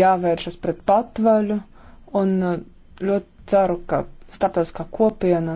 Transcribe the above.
jāvēršas pret patvaļu un uh, ļoti ceru, ka starptautiskā kopiena